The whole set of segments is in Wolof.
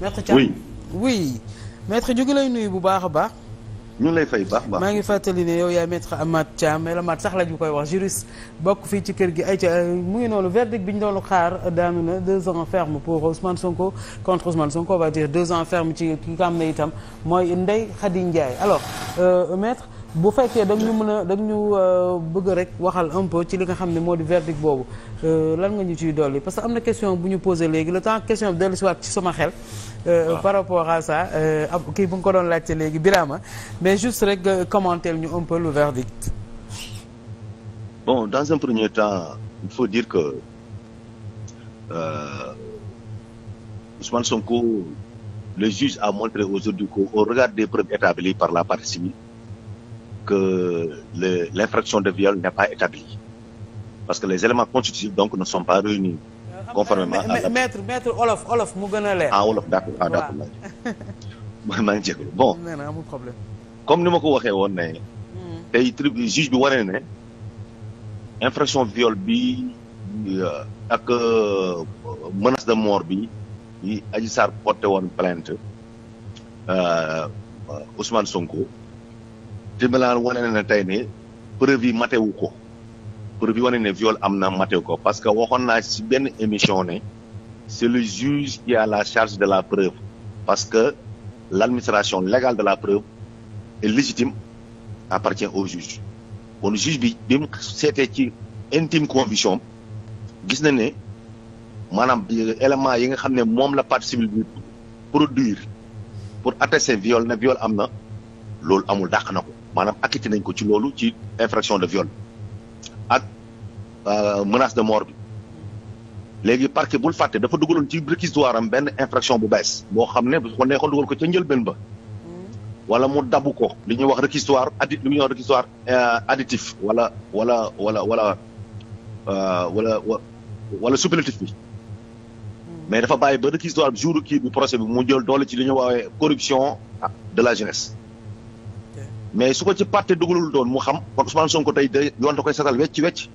maître Thiam oui oui maître ñu ngi lay nuyu bu baax a baax. ñu lay fay baax baax maa ngi fàttali ne yow yaay maître Amath Thiam El Amath sax la ñu koy wax juriste bokk fii ci kër gi ay ca euh, mu ngi noonu verdict bi ñu doon xaar daanu na deux ans ferme pour Ousmane Sonko contre Ousmane Sonko on va dire deux ans ferme ci ki nga xam ne itam mooy Ndeye Khady Ndiaye alors euh, maître. bu fekkee da ñu mën a da ñu euh, bëgg rek waxal un ci li nga xam ne moo di verdict boobu euh, lan nga ñu ciy dolli parce que am na question bu ñu posé léegi le temps question bi dellusiwaat ci sama xel. Euh, par rapport à ça ab kii bu nga ko doon laajte léegi Birama mais juste rek commenter ñu un peu le verdict. bon dans un premier temps il faut dire que euh, Ousmane Sonko le juge a montré aujourd'hui qu'au regard des preuves établies par la partie que l'infraction de viol n'est pas établie. Parce que les éléments constitutifs donc ne sont pas réunis euh, conformément à la... maître maître Olof Olof mu gën a leer. Ah, Olof d'accord ah d'accord maa bon. comme ni ma ko waxee woon ne. Hmm. tey tribunal juge bi waree ne infraction viol bi euh, ak euh, menace de mort bi yi Adji Sarr porté woon plainte Ousmane Sonko. Djimbira wane na tey ne preuve yi matewu ko preuve yi wane ne viol am na matewu ko parce que waxoon naa ci benn émission ne c'est le juge qui la charge de la preuve parce que l'administration légale de la preuve est légitime appartient au juge kon juge bi bi mu seetee ci intime conviction gis na ne maanaam élément yi nga xam ne moom la partie civile bi produire pour attester viol na viol am na loolu amul dàq na ko maanaam acquitté nañ ko ci loolu ci infraction de viol ak euh, menace de mort bi léegi parquet bul fàtte dafa dugaloon ci réquisitoire benn infraction bu bees boo xam ne bu ko neexoon dugal ko ca njëlbéen ba wala mu dabu ko li ñuy wax réquisitoire addi li ñuy euh, additif wala wala wala wala euh, wala wala supplétif bi mais dafa bàyyi ba réquisitoire bi jour kii bi procès bi mu jël doole ci li ñuy woowee corruption de la jeunesse mais su ko ci parti dugalul doon mu xam kon Ousmane ko tey de yoon da koy setal wecc wecc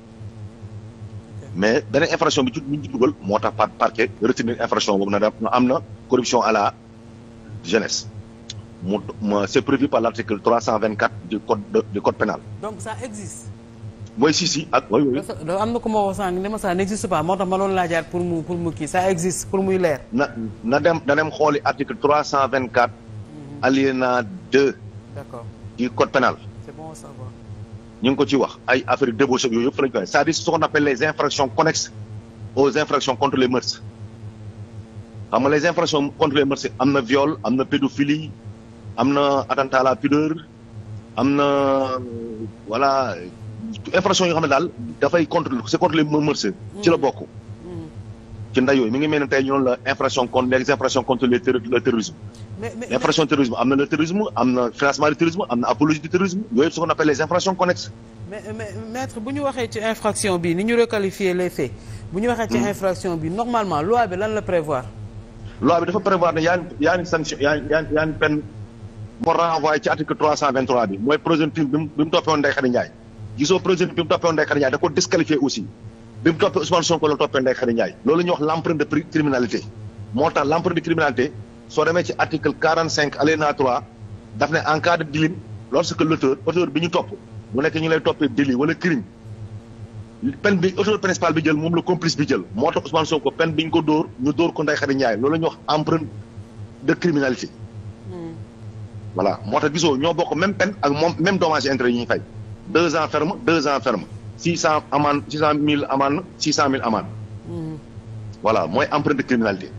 mais beneen infraction bi ci ñu moo tax par parquet retenir infraction boobu na da am na corruption à la jeunesse mu c'est prévu par l'article 324 du code du code pénal. donc ça existe. mooy si ak mooy yooyu. am na ku ma woo ma ça n'existe pas moo tax ma doon laajaat pour mu pour mu kii ça existe pour muy leer. na na dem na dem xooli article 324. Mhm. alinéa 2. d'accord. du code pénal ñu ngi ko ci wax ay affaire débauche yooyu yëpp fa la ñu koy c'est-à-dire ce qu'on appelle les infractions connexes aux infractions contre les mœurs xam nga les infractions contre am na viol am na pédophilie am na attentat à la am na voilà infraction yoo xam daal dafay contre c'est contre les mœurs ci la bokk mm. Mm. ci nday yooyu mi ngi mel ne ñu noonu la infraction contre les infractions contre le terrorisme mais mais infraction terrorisme am na le terrorisme am na financement du terrorisme am na apologie du terrorisme yooyu ce qu'on appelle les infractions connexes. mais mais maître bu ñu waxee ci infraction bi ni ñu requalifier les faits. bu ñu waxee ci hmm. infraction bi normalement loi bi lan la prévoir. loi bi dafa prévoir ne yaa ngi yaa ngi sanction yaa ngi yaa ngi peine. moo renvoyé ci article 323 bi mooy présomptive bi mu bi mu toppeewoon Ndeye Khady Ndiaye. gisoo présomptive bi mu toppeewoon Ndeye Khady Ndiaye da ko disqualifié aussi. bi mu toppee Ousmane Sonko la toppee Ndeye Khady Ndiaye. loolu la ñuy wax l'empreinte de criminalité. moo tax l'empreinte de criminalité. soo demee ci article quarante cinq alinéa trois daf ne en cas de délit lorsque l'auteur auteur bi ñu topp mu nekk ñu lay toppee délit wala crime peine bi auteur principal bi jël moom la complice bi jël moo tax Ousmane ko peine bi ñu ko dóor ñu dóor ko Ndeye Khady Ndiaye loolu la ñuy wax empreinte de criminalité. Hmm. voilà moo tax gisoo ñoo bokk même peine ak moom même dommage intérêt yi ñu fay deux ans ferme deux ans ferme six cent amende six cent mille amende six cent mille amende. Hmm. voilà mooy empreinte de criminalité.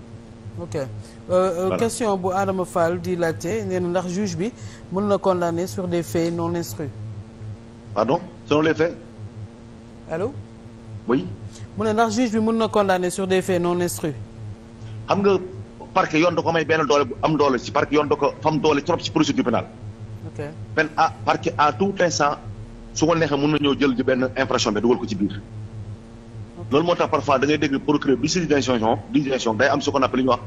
ok euh, euh question bu Adama Fall di laajte nee ndax juge bi mën na condamner sur des faits non instruits. pardon selon les faits. allo. oui. mu ne ndax juge bi mun na condamner sur des faits non instruits. xam nga parquet yoon da ko may benn doole bu am doole ci parquet yoon da ko fam doole trop ci procédure pénale. ok benn à ah, parquet à tout instant su ko neexee mun na ñëw jël benn infraction bi dugal ko ci biir. loolu moo tax parfois da ngay dégg procureur bi si d'instruction day am ce qu'on appelle li ñuy wax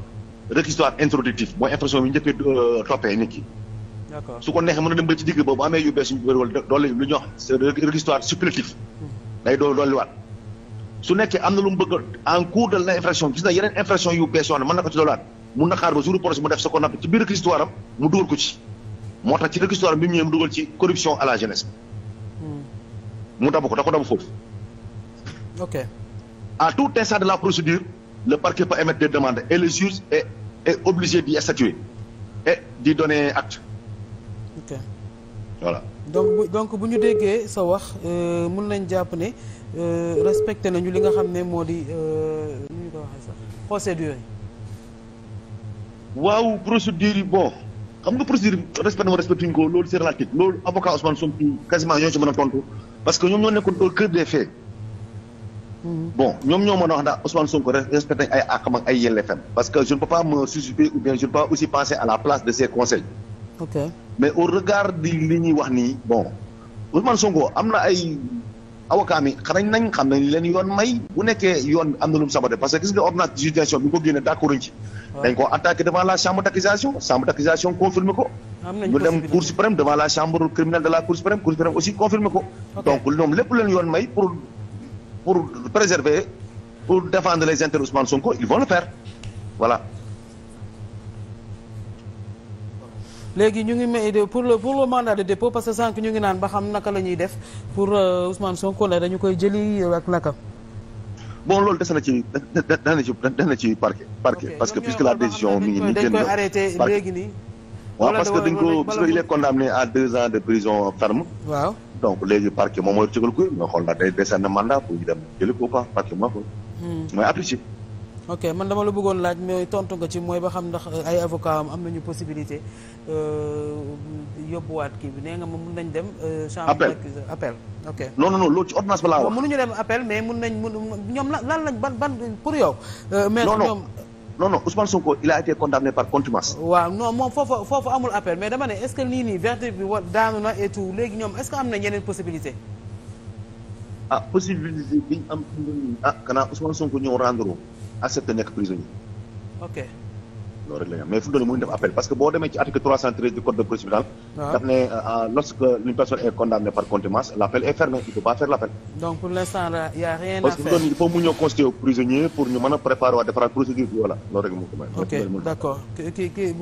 réquisitoire introductif mooy infraction bi njëkkee euh, dem ba ci digg boobu amee yu wax c'est réquisitoire hmm. day doole dolliwaat. su nekkee am na lu mu bëgg en cours de l'infraction gis na yeneen infraction yu bees yoo xam na ko ci dolliwaat mun na xaar ba jour procès mu def ce qu'on appelle ci biir réquisitoire mu dugal ko ci. moo tax ci réquisitoire bi mu ñëwee mu dugal ci corruption à la jeunesse. Hmm. mu dabu ko da ko dabu foofu. ok. À tout instant de la procédure, le parquet peut émettre des demandes et le juge est, est obligé d'y statuer et d'y donner acte. ok voilà. donc donc bu ñu déggee sa wax euh, mën nañ jàpp ne euh, respecté nañu li nga xam ne moo di euh, nu ñu ko waxee sax procédure yi. waaw procédure yi bon xam nga procédure respecté ma respecté ñu ko loolu c'est relatif loolu avocat Ousmane Sonko quasiment ñoo ci mën a tontu parce que ñoom ñoo nekkoon au cœur des faits. Mm-hmm. bon ñoom ñoo a wax ndax Ousmane Sonko respecté ay àqam ak ay yelleefam parce que je ne peux pas me susciter aussi penser à la place de ces conseils. mais au regard di li ñuy wax nii bon Ousmane Sonko am na ay avocats xanañ nañ xam nañ leen yoon may. bu nekkee yoon am na lu mu parce que gis nga bi ko génne d'accord ci. dañ ko attaqué devant la chambre d'accusation chambre d'accusation confirmé ko. ñu dem cour suprême devant la chambre pour préserver pour défendre les intérêts Ousmane Sonko ils vont le faire voilà. léegi ñu ngi may pour le pour le mandat de dépôt parce que sànq ñu ngi naan ba xam naka la ñuy def pour euh, Ousmane Sonko la dañu koy jëli ak naka. bon loolu des na ci des na ci des na ci parquet. parce que puisque la décision mi ngi nii génn. dañ koy arrêté léegi nii. waaw parce que dañ ko parce il est condamné à deux ans de prison ferme. waaw. donc léegi parquet moom mooy cëgal kuréel nga xool ndax day décerner mandat pour ñu dem jëli ko ou pas parquet moo ko. mooy hmm. appliqué. ok man dama la bëggoon laaj mais tontu nga ci mooy ba xam ndax euh, ay avocat am am nañu possibilité euh, yóbbuwaat kii bi nee nga moom mun nañ dem. Euh, chambre d'accusation appel ok. non non non loolu ci ordonnance ba laa wax. mënuñu dem appel mais mun nañ mun ñoom lan lañ ban ban pour yow. mais ñoom non non Ousmane Sonko il a été condamné par contumace. waaw non moom foofu foofu amul appel mais dama ne est ce que nii nii verdict bi wa daanu na et tout léegi ñoom est ce que am na yeneen possibilité. ah possibilité bi ñu am ah kanaa Ousmane Sonko ñëw rendre accepté nekk prisonnier. ok. loolu rek la mais fu mu toll def appel parce que boo demee ci article 313 du code de procédure ah. daf ne euh, euh, lorsque une personne est par contumace l' appel est fermé il faut pas faire l' donc pour l' instant là rien à faire parce que fu mu ñëw constituer prisonnier pour ñu mën a préparer waa defaraat procédure bi voilà loolu ko may. ok